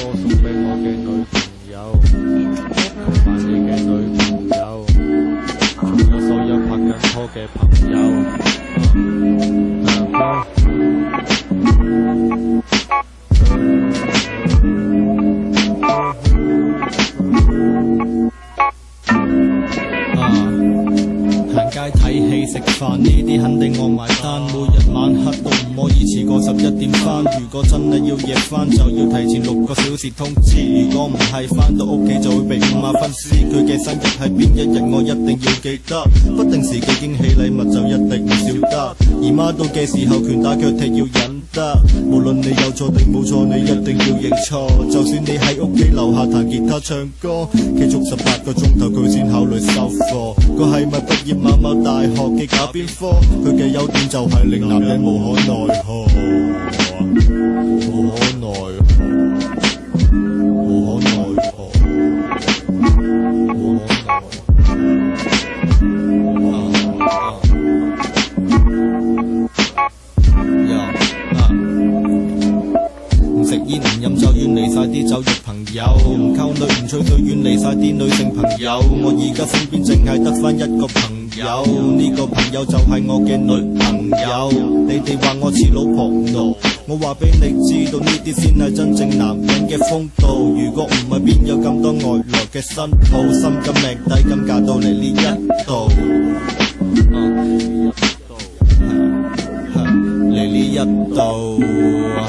送俾我嘅女朋友，同畀你嘅女朋友，仲有所有拍緊拖嘅朋友。嗯。睇戲食飯呢啲肯定我埋單，每日晚黑都唔可以遲過十一點翻。如果真係要夜翻，就要提前六個小時通知。如果唔係翻到屋企，就會被五馬分屍，佢嘅生日係邊一日，我一定要記得。不定時嘅驚喜禮物就一定唔少得。姨媽到嘅時候，拳打腳踢要忍。無論你有錯定冇錯，你一定要認錯。就算你喺屋企樓下彈吉他唱歌，繼續十八個鐘頭，佢先考慮收貨。佢係咪畢業某某大學嘅假邊科？佢嘅優點就係令男人無可奈何，無可奈何，無可奈何，無可奈何。唔飲酒，遠離曬啲酒肉朋友；唔溝女，唔吹水，遠離曬啲女性朋友。我而家身邊淨係得返一個朋友，呢、這個朋友就係我嘅女朋友。你哋話我似老婆奴，我話俾你知道呢啲先係真正男人嘅風度。如果唔係，邊有咁多外來嘅新抱，心甘命抵，咁嫁到嚟呢一度，嚟呢、啊、一度。啊